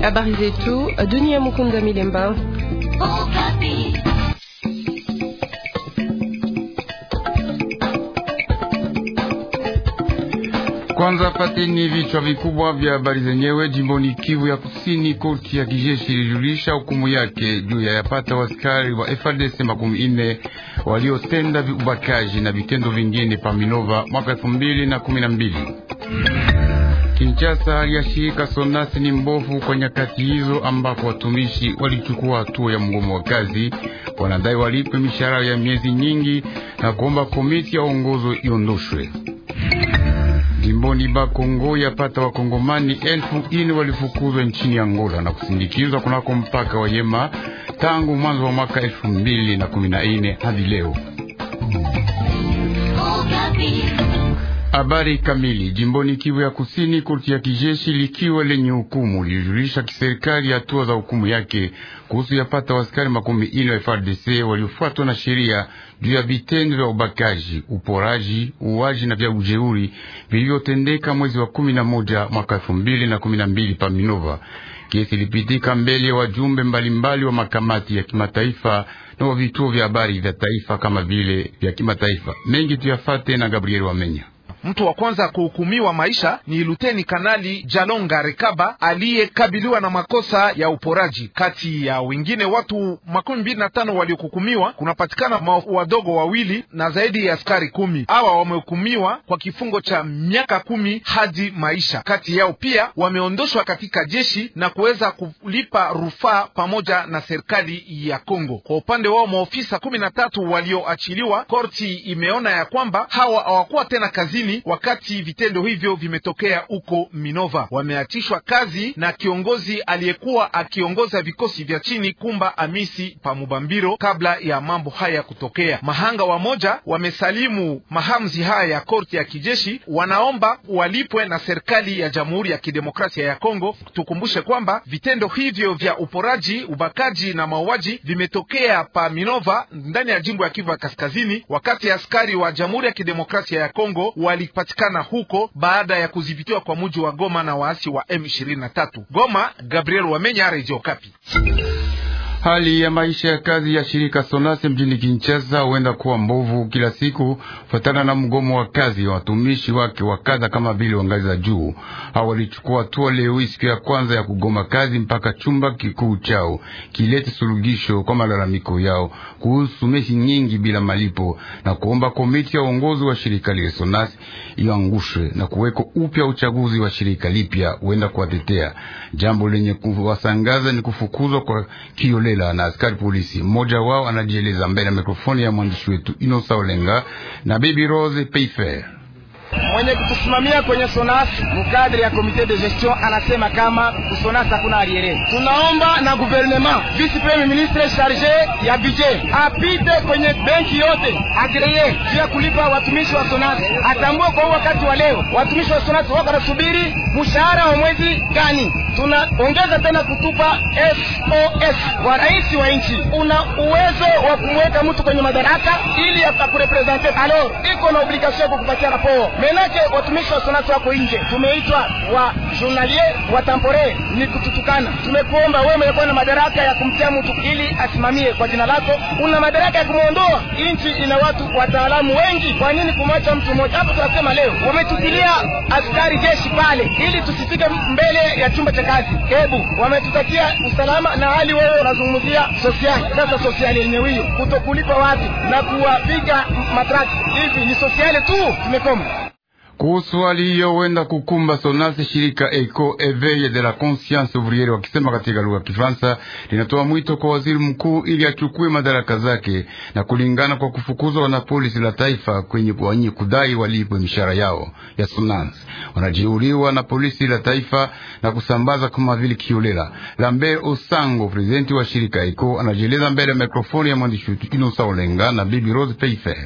Habari zetu Milemba. Kwanza pateni vichwa vikubwa vya habari zenyewe. Jimboni Kivu ya Kusini, korti ya kijeshi ilijulisha hukumu yake juu ya yapata waskari wa FARDC makumi ine waliotenda ubakaji na vitendo vingine pa Minova mwaka elfu mbili na kumi na mbili. Kinshasa ya shirika Sonasi ni mbovu kwa nyakati hizo, ambapo watumishi walichukua hatua ya mgomo wa kazi, wanadai walipe mishahara ya miezi nyingi na kuomba komiti ya uongozo iondoshwe. Jimboni Bakongo yapata wakongomani elfu ine walifukuzwa nchini Angola na kusindikizwa kunako mpaka wa Yema tangu mwanzo wa mwaka elfu mbili na kumi na ine hadi leo. Habari kamili jimboni Kivu ya Kusini, korti ya kijeshi likiwa lenye hukumu lilijulisha kiserikali hatua za hukumu yake kuhusu yapata wasikari makumi ine wa frdc waliofuatwa na sheria juu ya vitendo vya ubakaji, uporaji, uwaji na vya ujeuri vilivyotendeka mwezi wa kumi na moja mwaka elfu mbili na kumi na mbili pa Minova. Kesi ilipitika mbele ya wajumbe mbalimbali wa makamati ya kimataifa na wa vituo vya habari vya taifa kama vile vya kimataifa. Mengi tuyafate na Gabriel Wamenya. Mtu wa kwanza kuhukumiwa maisha ni luteni kanali Jalonga Rekaba aliyekabiliwa na makosa ya uporaji. Kati ya wengine watu makumi mbili na tano waliohukumiwa kunapatikana wadogo wawili na zaidi ya askari kumi. Hawa wamehukumiwa kwa kifungo cha miaka kumi hadi maisha. Kati yao pia wameondoshwa katika jeshi na kuweza kulipa rufaa pamoja na serikali ya Kongo. Kwa upande wao maofisa kumi na tatu walioachiliwa, korti imeona ya kwamba hawa hawakuwa tena kazini Kusini wakati vitendo hivyo vimetokea huko Minova. Wameachishwa kazi na kiongozi aliyekuwa akiongoza vikosi vya chini Kumba Amisi Pamubambiro kabla ya mambo haya kutokea. Mahanga wamoja wamesalimu mahamzi haya ya korti ya kijeshi, wanaomba walipwe na serikali ya Jamhuri ya Kidemokrasia ya Kongo. Tukumbushe kwamba vitendo hivyo vya uporaji, ubakaji na mauaji vimetokea pa Minova ndani ya jimbo ya Kivu ya Kaskazini wakati askari wa Jamhuri ya Kidemokrasia ya Kongo wali walipatikana huko baada ya kudhibitiwa kwa mji wa Goma na waasi wa M23. Goma, Gabriel Wamenya, Radio Okapi. Hali ya maisha ya kazi ya shirika Sonase mjini Kinshasa huenda kuwa mbovu kila siku fatana na mgomo wa kazi wa watumishi wake wa kadha kama vile wa ngazi za juu. Hao walichukua hatua leo hii siku ya kwanza ya kugoma kazi mpaka chumba kikuu chao kilete suluhisho kwa malalamiko yao kuhusu mesi nyingi bila malipo na kuomba komiti ya uongozi wa shirika lile Sonase iangushwe na kuweko upya uchaguzi wa shirika lipya huenda kuwatetea. Jambo lenye kuwasangaza ni kufukuzwa kwa kiole Mandela na askari polisi. Mmoja wao anajieleza mbele ya mikrofoni ya mwandishi wetu Inosa Olenga na Baby Rose Peifer. Mwenye kutusimamia kwenye Sonas mukadre ya komite de gestion anasema kama kusonas hakuna aliere. Tunaomba na guvernema vice premier ministre charge ya budget apite kwenye benki yote agree juu ya kulipa watumishi wa Sonas, atambue kwa wakati wa leo watumishi wa Sonas wako nasubiri mshahara wa mwezi gani. Tunaongeza tena kutupa SOS kwa rais wa nchi, una uwezo wa kumweka mtu kwenye madaraka ili atakurepresente, alors iko na obligation ya kukupatia raporo menake watumishi wa SONATO wako nje, tumeitwa wa journalie wa tampore, ni kututukana. Tumekuomba wewe, umekuwa na madaraka ya kumtia mtu ili asimamie kwa jina lako, una madaraka ya kumwondoa. Nchi ina watu wataalamu wengi, kwa nini kumwacha mtu mmoja hapo? Tunasema leo wametupilia askari jeshi pale, ili tusifike mbele ya chumba cha kazi. Hebu wametutakia usalama, na hali wewe unazungumzia sosiali. Sasa sosiali yenyewe hiyo kutokulipa watu na kuwapiga matraki hivi ni sosiali tu, tumekoma kuhusu wenda kukumba Sonasi, shirika Eco Eveille de la Conscience Ouvriere wakisema katika lugha ya Kifaransa, linatoa mwito kwa waziri mkuu ili achukue madaraka zake na kulingana kwa kufukuzwa polisi la taifa kwenye wanye kudai walipwe mishahara yao ya Sonasi, wanajiuliwa na polisi la taifa na kusambaza kama vile kiolela. Lambert Osango, prezidenti wa shirika Eco, anajieleza mbele ya mikrofoni ya mwandishi Inosa Olenga na bibi Rose Peifer.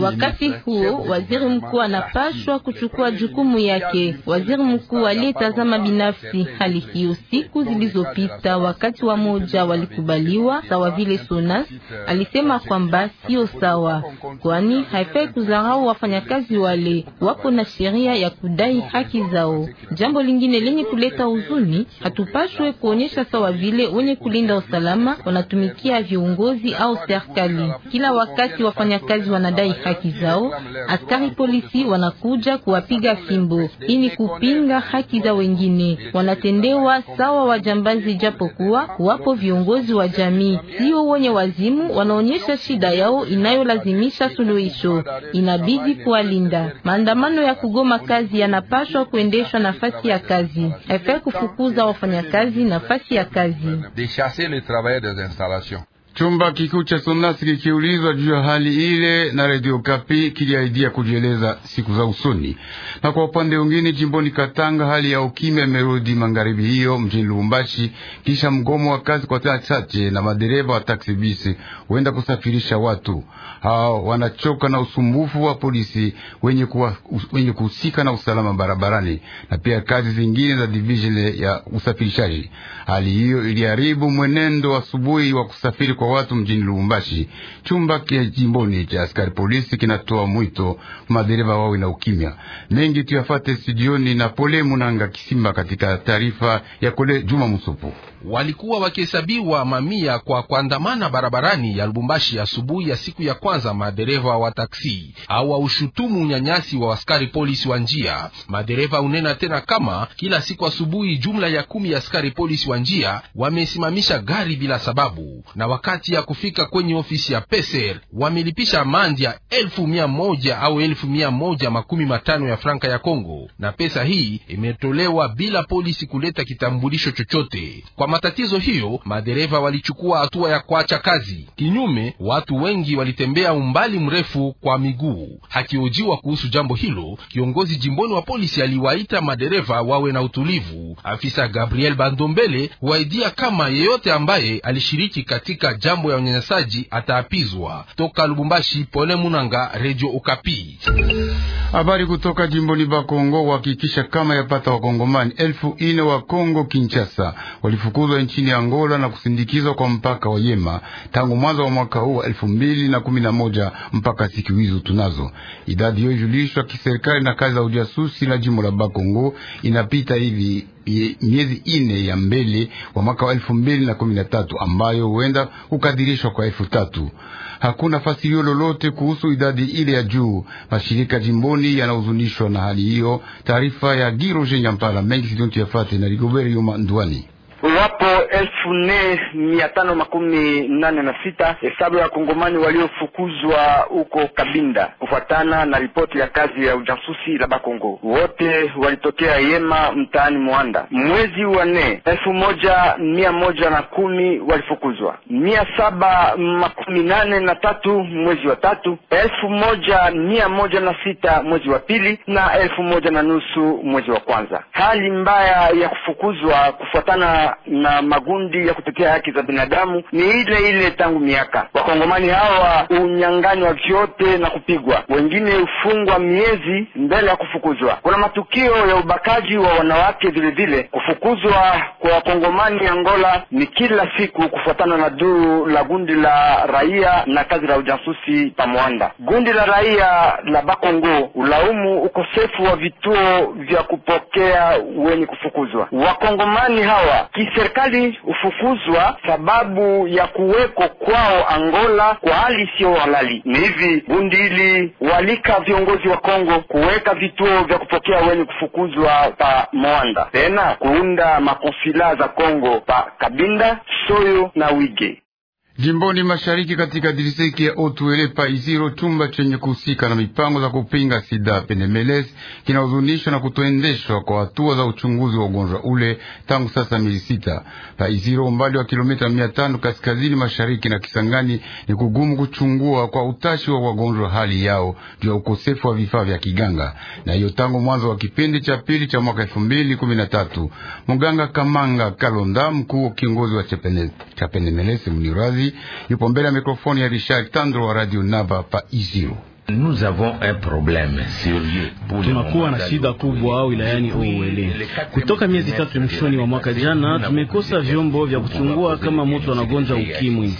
Wakati huo waziri mkuu anapashwa kuchukua jukumu yake. Waziri mkuu aliyetazama binafsi hali hiyo siku zilizopita, wakati wa moja walikubaliwa sawa vile Sonas alisema kwamba sio sawa, kwani haifai kuzarau wafanyakazi wale, wapo na sheria ya kudai haki zao. Jambo lingine lenye kuleta huzuni, hatupashwe kuonyesha sawa vile wenye kulinda usalama wanatumikia viongozi au serikali kila wakati wakati wafanyakazi wanadai haki zao, askari polisi wanakuja kuwapiga fimbo. Hii ni kupinga haki za wengine, wanatendewa sawa wajambazi, japokuwa wapo viongozi wa jamii sio wenye wazimu, wanaonyesha shida yao inayolazimisha suluhisho. Inabidi kuwalinda. Maandamano ya kugoma kazi yanapashwa kuendeshwa nafasi ya kazi efe, kufukuza wafanyakazi nafasi ya kazi. Chumba kikuu cha Sonasi kikiulizwa juu ya hali ile na Radio Kapi kiliahidia kujieleza siku za usoni. Na kwa upande mwingine, jimboni Katanga, hali ya ukimya imerudi magharibi hiyo mjini Lubumbashi kisha mgomo wa kazi kwa saa chache, na madereva wa taksi bisi huenda kusafirisha watu hao wanachoka na usumbufu wa polisi wenye kuhusika na usalama barabarani na pia kazi zingine za divisheni ya usafirishaji. Hali hiyo iliharibu mwenendo asubuhi wa kusafiri kwa watu mjini Lubumbashi. Chumba kia jimboni cha askari polisi kinatoa mwito madereva wawe na ukimya. Mengi tuyafate studioni na Pole Munanga Kisimba katika taarifa ya Kole Juma Musupu walikuwa wakihesabiwa mamia kwa kuandamana barabarani ya Lubumbashi asubuhi ya, ya siku ya kwanza. Madereva wa taksi ushutumu unyanyasi wa askari polisi wa njia. Madereva unena tena kama kila siku asubuhi jumla ya kumi ya askari polisi wa njia wamesimamisha gari bila sababu, na wakati ya kufika kwenye ofisi ya Peser wamelipisha ya elfu mia moja au elfu mia moja makumi matano ya franka ya Kongo, na pesa hii imetolewa bila polisi kuleta kitambulisho chochote kwa matatizo hiyo, madereva walichukua hatua ya kuacha kazi. Kinyume, watu wengi walitembea umbali mrefu kwa miguu. Hakiojiwa kuhusu jambo hilo, kiongozi jimboni wa polisi aliwaita madereva wawe na utulivu. Afisa Gabriel Bandombele huaidia kama yeyote ambaye alishiriki katika jambo ya unyanyasaji ataapizwa. Toka Lubumbashi, Pole Munanga, Radio Okapi. Habari kutoka jimboni Bakongo wahakikisha kama yapata wakongomani elfu ine wa Kongo Kinshasa walifukuzwa nchini Angola na kusindikizwa kwa mpaka wa Yema tangu mwanzo wa mwaka huu wa elfu mbili na kumi na moja mpaka siku hizo tunazo. Idadi hiyo ijulishwa kiserikali na kazi za ujasusi la jimbo la Bakongo inapita hivi miezi ine ya mbele wa mwaka wa elfu mbili na kumi na tatu ambayo huenda kukadirishwa kwa elfu tatu. Hakuna fasilio lolote kuhusu idadi ile ya juu. Mashirika jimboni yanahuzunishwa na hali hiyo. Taarifa ya Giroje Nyampala mengi sidontu yafate na Rigobert Yuma Ndwani wapo elfu nne mia tano makumi nane na sita hesabu ya wakongomani waliofukuzwa huko Kabinda kufuatana na ripoti ya kazi ya ujasusi la Bakongo. Wote walitokea Yema mtaani Mwanda. Mwezi wa nne elfu moja mia moja na kumi walifukuzwa, mia saba makumi nane na tatu mwezi wa tatu, elfu moja mia moja na sita mwezi wa pili na elfu moja na nusu mwezi wa kwanza. Hali mbaya ya kufukuzwa kufuatana na magundi ya kutetea haki za binadamu ni ile ile tangu miaka. Wakongomani hawa unyang'anywa vyote na kupigwa, wengine hufungwa miezi mbele ya kufukuzwa. Kuna matukio ya ubakaji wa wanawake vile vile. Kufukuzwa kwa wakongomani Angola ni kila siku, kufuatana na duru la gundi la raia na kazi la ujasusi Pamwanda. Gundi la raia la Bakongo ulaumu ukosefu wa vituo vya kupokea wenye kufukuzwa wakongomani hawa ki ni serikali hufukuzwa sababu ya kuweko kwao Angola kwa hali sio halali. Ni hivi gundi hili walika viongozi wa Kongo kuweka vituo vya kupokea wenye kufukuzwa pa Mwanda, tena kuunda makofila za Kongo pa Kabinda, Soyo na Wige. Jimboni mashariki katika diriseki ya Otuele pa Iziro, chumba chenye kuhusika na mipango za kupinga sida penemeles kinahuzunishwa na kutoendeshwa kwa hatua za uchunguzi wa ugonjwa ule tangu sasa miezi sita. Pa Iziro, umbali wa kilomita mia tano kaskazini mashariki na Kisangani, ni kugumu kuchungua kwa utashi wa wagonjwa hali yao juu ya ukosefu wa vifaa vya kiganga, na hiyo tangu mwanzo wa kipindi cha pili cha mwaka elfu mbili kumi na tatu. Mganga Kamanga Kalonda, mkuu kiongozi wa Chapenemelesi Mnirazi Katili yupo mbele ya mikrofoni ya Richard Tandro wa Radio Nava pa Iziro. Nous avons un problème sérieux. Tunakuwa na shida kubwa wilayani Owele. Kutoka miezi tatu mwishoni wa mwaka jana, tumekosa vyombo vya kuchungua kama mtu anagonja ukimwi.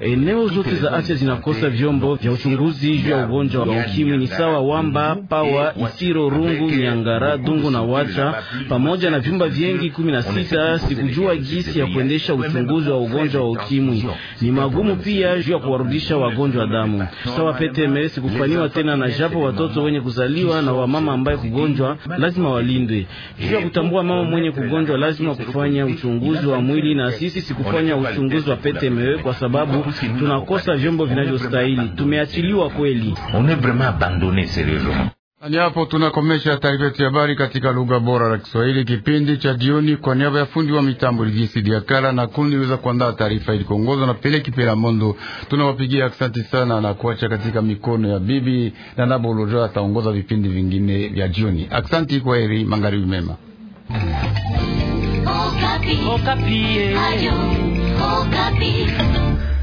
Eneo zote za afya zinakosa vyombo vya uchunguzi juu ya ugonjwa wa yaani ukimwi, ni sawa Wamba, Pawa, Isiro, Rungu, Nyangara, Dungu na Wacha, pamoja na vyumba vyengi kumi na sita. Sikujua gisi ya kuendesha uchunguzi wa ugonjwa wa ukimwi. Ni magumu pia juu ya kuwarudisha wagonjwa damu sawa PTM. sikufanya kuzaliwa tena, na japo watoto wenye kuzaliwa na wamama ambaye kugonjwa lazima walindwe. Juu ya kutambua mama mwenye kugonjwa, lazima kufanya uchunguzi wa mwili, na sisi sikufanya uchunguzi wa pete mewe, kwa sababu tunakosa vyombo vinavyostahili. Tumeachiliwa kweli. Ani hapo tunakomesha taarifa yetu ya habari katika lugha bora la Kiswahili kipindi cha jioni. Kwa niaba ya fundi wa mitambo Ligisi Akala na kundi liweza kuandaa taarifa kuongozwa na Pele Kipela Mondo, tunawapigia asante sana na kuacha katika mikono ya bibi na Lojo ataongoza vipindi vingine vya jioni. Asante, kwa heri, magharibi mema. Okapi. Okapi. Eh. Ayo, Okapi.